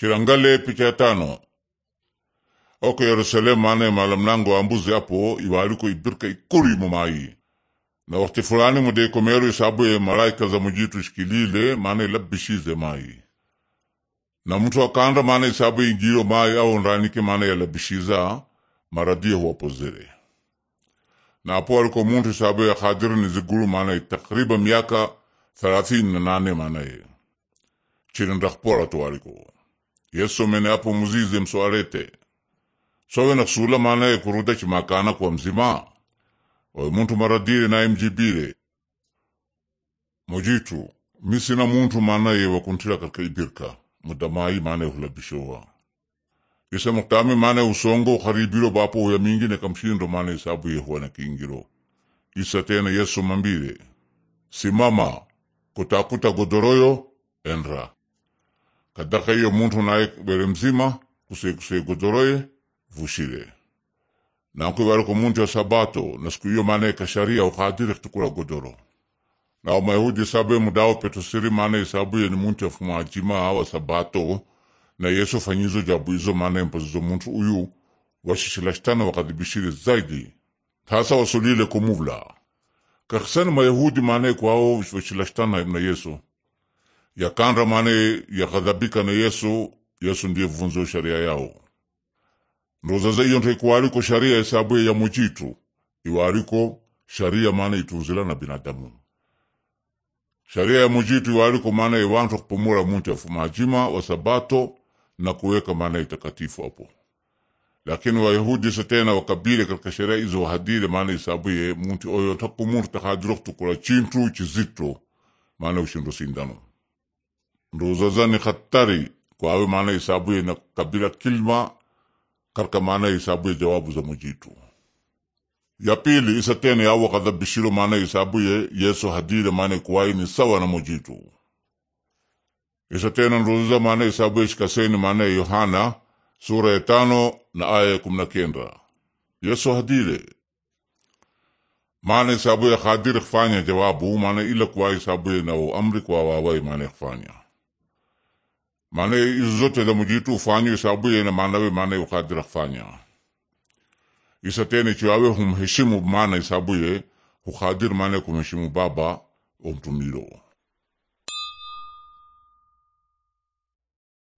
chilangale picha ya tano oko yerusalemu ane mala mlango wa mbuzi apo iwaliko ibirka ikuri mumai na wakati fulani isabu isabuye malaika za mujitu shikilile mane ilabishize mai na mtu akanda maana isabuye ingiro mai au ndanike maana yalabishiza maradie huwapozere na apo aliko muntu isabuye akadiri ni ziguru mane takriba miaka thalathini na nane maanaye chirindakhpora tu aliko yesu mene apo muzize mswarete sowe na kusula maana kuruda chimakana kwa mzima oyo muntu maradire naye mjibire mojitu misina muntu maana ye wakuntila katika ibirka mudamai maana hulabishowa isa muktami maana usongo ukaribiro bapo uya mingine kamshindo maana isabu yehuwa na kingiro isa tena yesu mambire simama kutakuta godoroyo enra kadaka iyo muntu naye bere mzima kuse kuse kusekujoroye vushile nanku iwariko muntu ya sabato na siku iyo maana ikasharia ukadiri kutukula godoro na Wayahudi isabu mudao siri maana isabu ye ni muntu ya fuma ajima hawa sabato na Yesu fanyizo jabu izo maana mpazizo muntu uyu washishilashitana wakadhibishire zaidi tasa wasulile kumuvla kakisani Mayahudi maana ikwao washilashitana na Yesu yakandamane yakadhabika na yesu yesu ndiye vunzo sharia yao ndozaze iyo ntoikuwariko sharia hesabu ya mujitu iwariko sharia mane itunzila na binadamu sharia ya mujitu iwariko mane iwantu kupumura muntu afumajima wa sabato na kuweka mane itakatifu hapo lakini wayahudi satena wakabile katika sheria izo wahadile maana isabuye muntu oyo takumuntu takadiro kutukula chintu chizito mane ushindo sindano ni khatari kwa awe maana hisabuye na kabila kilma karka maana hisabuye jawabu za mujitu ya pili isa tena yawa kadhabishiro maana hisabuye yesu hadire maana kuwai ni sawa na mujitu isa tena nduzaza maana hisabuye shikaseni maana yohana sura ya tano na aya ya kumi na kenda yesu hadire maana hisabuye khadire kufanya jawabu maana ila kuwai hisabuye na amri kwa wawai maana kufanya maana hizo zote za mujitu ufanye sababu yena maanawe maana ukadira kufanya isatene chiwawe humheshimu maana isabuye ukadiri maanaye kumheshimu baba umtumilo